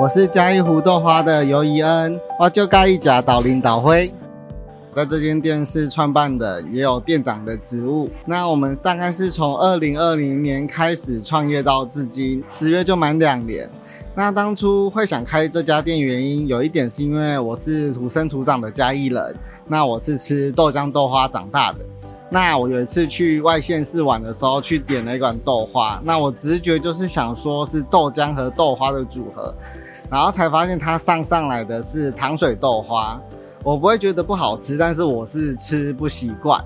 我是嘉義壺豆花的游宜恩，我就蓋一甲導林導輝，在這間店是創辦的，也有店長的職務。那我們大概是從二零二零年開始創業到至今，十月就滿兩年。那當初會想開這家店，原因有一點是因為我是土生土長的嘉義人，那我是吃豆漿豆花長大的。那我有一次去外縣市玩的時候，去點了一碗豆花。那我直覺就是想說是豆漿和豆花的組合，然後才發現它上上來的是糖水豆花。我不會覺得不好吃，但是我是吃不習慣。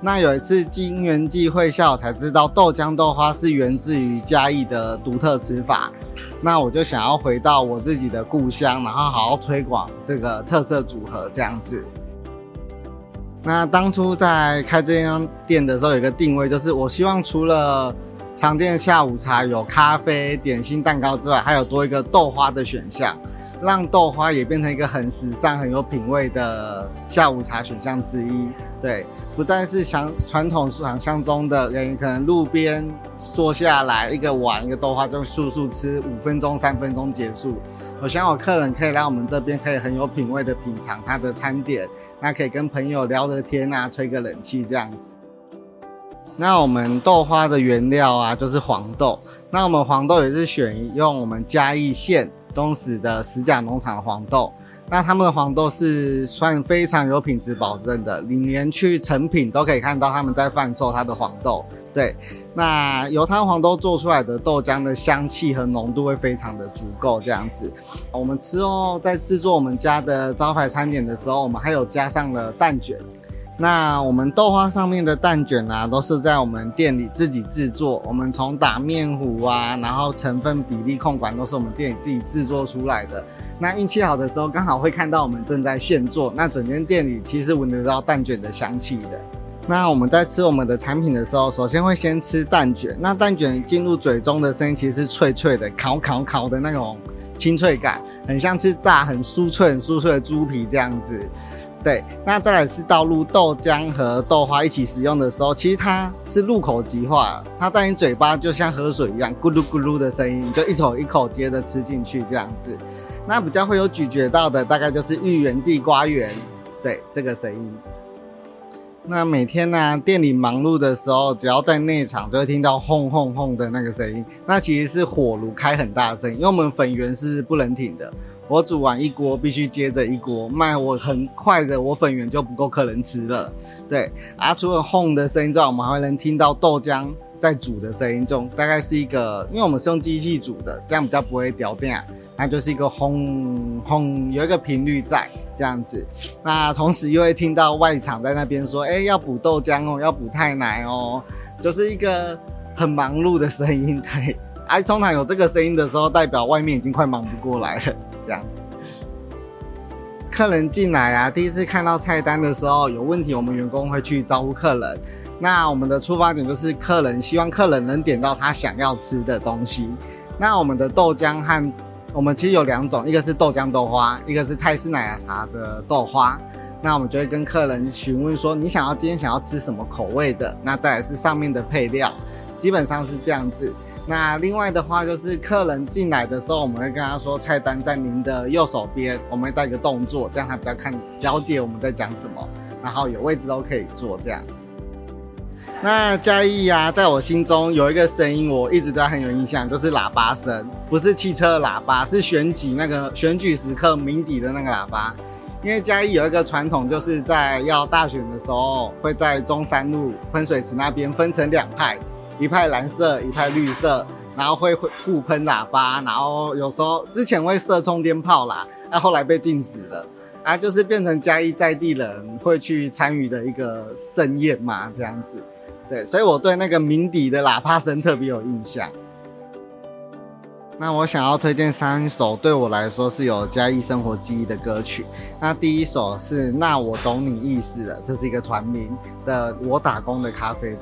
那有一次機緣際會下才知道，豆漿豆花是源自於嘉義的獨特吃法。那我就想要回到我自己的故鄉，然後好好推廣這個特色組合這樣子。那當初在開這家店的時候，有一個定位，就是我希望除了常見的下午茶有咖啡、點心、蛋糕之外，還有多一個豆花的選項，讓豆花也變成一個很時尚、很有品味的下午茶選項之一。對，不再是像傳統想像中的人，人可能路邊坐下來一個碗一個豆花，就速速吃五分鐘三分鐘結束。我希望有客人可以來我們這邊，可以很有品味的品嘗它的餐點，那可以跟朋友聊個天啊，吹個冷氣這樣子。那我們豆花的原料啊，就是黃豆。那我們黃豆也是選用我們嘉義縣東石的十甲農場黃豆。那他們的黃豆是算非常有品質保證的，你連去成品都可以看到他們在販售他的黃豆。對，那優質黃豆做出來的豆漿的香氣和濃度會非常的足夠，這樣子。我們之後在製作我們家的招牌餐點的時候，我們還有加上了蛋捲。那我們豆花上面的蛋捲啊，都是在我們店裡自己製作。我們從打麵糊啊，然後成分比例控管，都是我們店裡自己製作出來的。那運氣好的時候，剛好會看到我們正在現做。那整間店裡其實聞得到蛋捲的香氣的。那我們在吃我們的產品的時候，首先會先吃蛋捲。那蛋捲進入嘴中的聲音，其實是脆脆的、烤烤烤的那種清脆感，很像吃炸很酥脆、很酥脆的豬皮這樣子。對，那再來是倒入豆漿和豆花一起食用的時候，其實它是入口即化，它在你嘴巴就像喝水一樣咕嚕咕嚕的聲音，就一口一口接着吃進去這樣子。那比較會有咀嚼到的大概就是芋圓、地瓜圓，對，這個聲音。那每天呢、啊，店裡忙碌的時候，只要在內場就會聽到轟轟轟的那個聲音，那其實是火爐開很大聲，因為我們粉圓是不能停的。我煮完一鍋，必須接着一鍋賣，我很快的，我粉圓就不夠客人吃了。對啊，除了轟的聲音之外，我們還會能聽到豆漿在煮的聲音中，大概是一個，因為我們是用機器煮的，這樣比較不會掉電，那就是一個轟轟有一個頻率在這樣子，那同時又會聽到外場在那邊說，哎、欸，要補豆漿哦，要補泰奶哦，就是一個很忙碌的聲音，對。哎、啊，通常有這個聲音的時候，代表外面已經快忙不過來了。這樣子，客人進來啊，第一次看到菜單的時候有問題，我們員工會去招呼客人。那我們的出發點就是客人希望客人能點到他想要吃的東西。那我們的豆漿和我們其實有兩種，一個是豆漿豆花，一個是泰式奶茶的豆花。那我們就會跟客人詢問說：“你想要今天想要吃什麼口味的？”那再來是上面的配料，基本上是這樣子。那另外的話，就是客人進來的時候，我們會跟他說菜單在您的右手邊，我們會帶一個動作，這樣他比較看了解我們在講什麼，然後有位置都可以坐這樣。那嘉義啊，在我心中有一個聲音，我一直都很有印象，就是喇叭聲，不是汽車喇叭，是選舉那個選舉時刻鳴笛的那個喇叭。因為嘉義有一個傳統，就是在要大選的時候，會在中山路噴水池那邊分成兩派。一派藍色，一派綠色，然後會會互噴喇叭，然後有時候之前會射沖天炮啦，那後來被禁止了，啊，就是變成嘉義在地人會去參與的一個盛宴嘛，這樣子，對，所以我對那個鳴笛的喇叭聲特別有印象。那我想要推薦三首對我來說是有嘉義生活記憶的歌曲。那第一首是《那我懂你意思了》，這是一個團名的《我打工的咖啡廳》，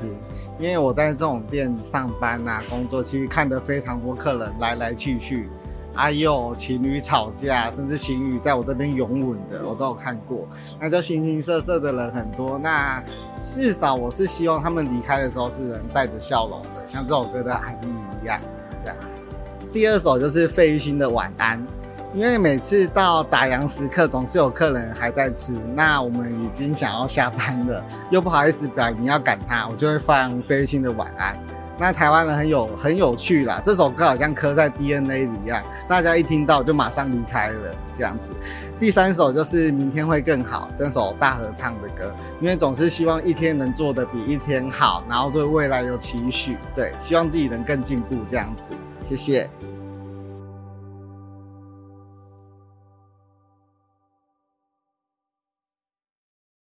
因為我在這種店上班啊、工作其實看得非常多客人來來去去，哎呦，有情侶吵架，甚至情侶在我這邊擁吻的，我都有看過。那就形形色色的人很多。那至少我是希望他們離開的時候是能帶着笑容的，像這首歌的含義一樣，這樣。第二首就是費玉清的晚安，因為每次到打烊時刻，總是有客人還在吃，那我們已經想要下班了，又不好意思表明要趕他，我就會放費玉清的晚安。那台灣人很有很有趣啦，這首歌好像刻在 DNA 裡一樣，大家一聽到就馬上離開了這樣子。第三首就是明天會更好，這首大合唱的歌，因為總是希望一天能做得比一天好，然後對未來有期許，對，希望自己能更進步這樣子。謝謝。